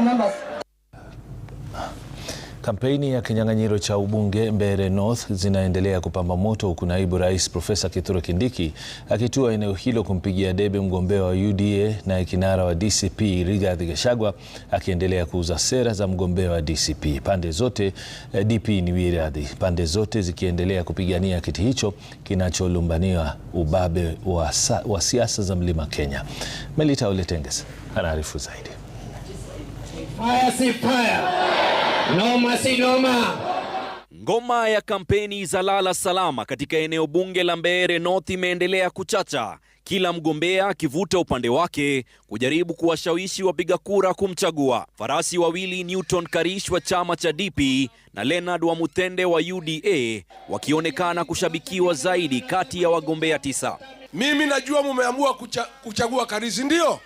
members. Kampeni ya kinyang'anyiro cha ubunge Mbeere North zinaendelea kupamba moto huku naibu rais Profesa Kithure Kindiki akitua eneo hilo kumpigia debe mgombea wa UDA naye kinara wa DCP Rigathi Gachagua akiendelea kuuza sera za mgombea wa DCP pande zote eh, DP ni wiradhi pande zote zikiendelea kupigania kiti hicho kinacholumbaniwa ubabe wa, wa siasa za Mlima Kenya. Melita Oletenges anaarifu zaidi. Fire si fire. Noma si noma. Ngoma ya kampeni za lala salama katika eneo bunge la Mbeere North imeendelea kuchacha, kila mgombea akivuta upande wake kujaribu kuwashawishi wapiga kura kumchagua. Farasi wawili Newton Karish wa chama cha DP na Leonard Wamuthende wa UDA wakionekana kushabikiwa zaidi kati ya wagombea tisa. Mimi najua mumeamua kucha, kuchagua Karish ndio?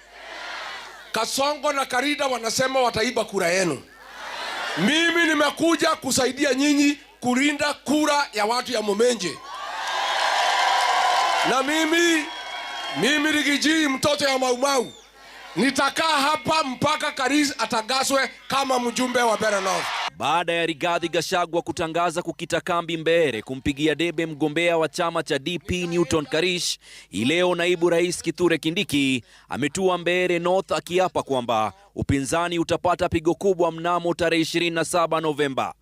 Kasongo na Karida wanasema wataiba kura yenu. Mimi nimekuja kusaidia nyinyi kulinda kura ya watu ya Momenje. Na mimi mimi Rigiji mtoto ya Maumau nitakaa hapa mpaka Karis atagaswe kama mjumbe wa Bera North baada ya Rigathi Gachagua kutangaza kukita kambi Mbeere kumpigia debe mgombea wa chama cha DP Newton Karish, ileo naibu rais Kithure Kindiki ametua Mbeere North akiapa kwamba upinzani utapata pigo kubwa mnamo tarehe 27 Novemba.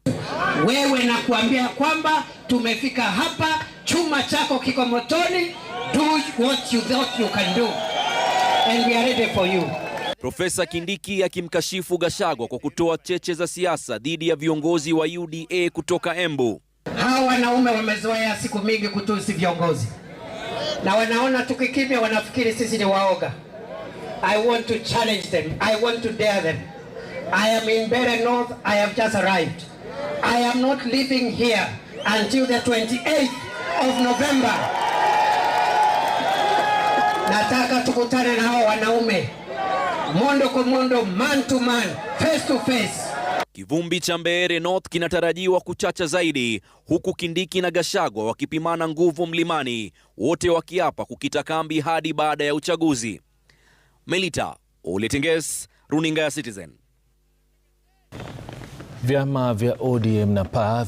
Wewe nakuambia kwamba tumefika hapa, chuma chako kiko motoni, do what you thought you can do and we are ready for you. Profesa Kindiki akimkashifu Gashagwa kwa kutoa cheche za siasa dhidi ya viongozi wa UDA kutoka Embu. Hawa wanaume wamezoea siku mingi kutusi viongozi na wanaona tukikimya wanafikiri sisi ni waoga. I want to challenge them. I want to dare them. I am in Mbeere North. I have just arrived. I am not living here until the 28th of November. Nataka tukutane na hao wanaume mondo kwa mondo, man to man, face to face. Kivumbi cha Mbeere North kinatarajiwa kuchacha zaidi huku Kindiki na Gachagua wakipimana nguvu mlimani, wote wakiapa kukita kambi hadi baada ya uchaguzi. Melita Oletenges, runinga ya Citizen. Vyama vya ODM na PA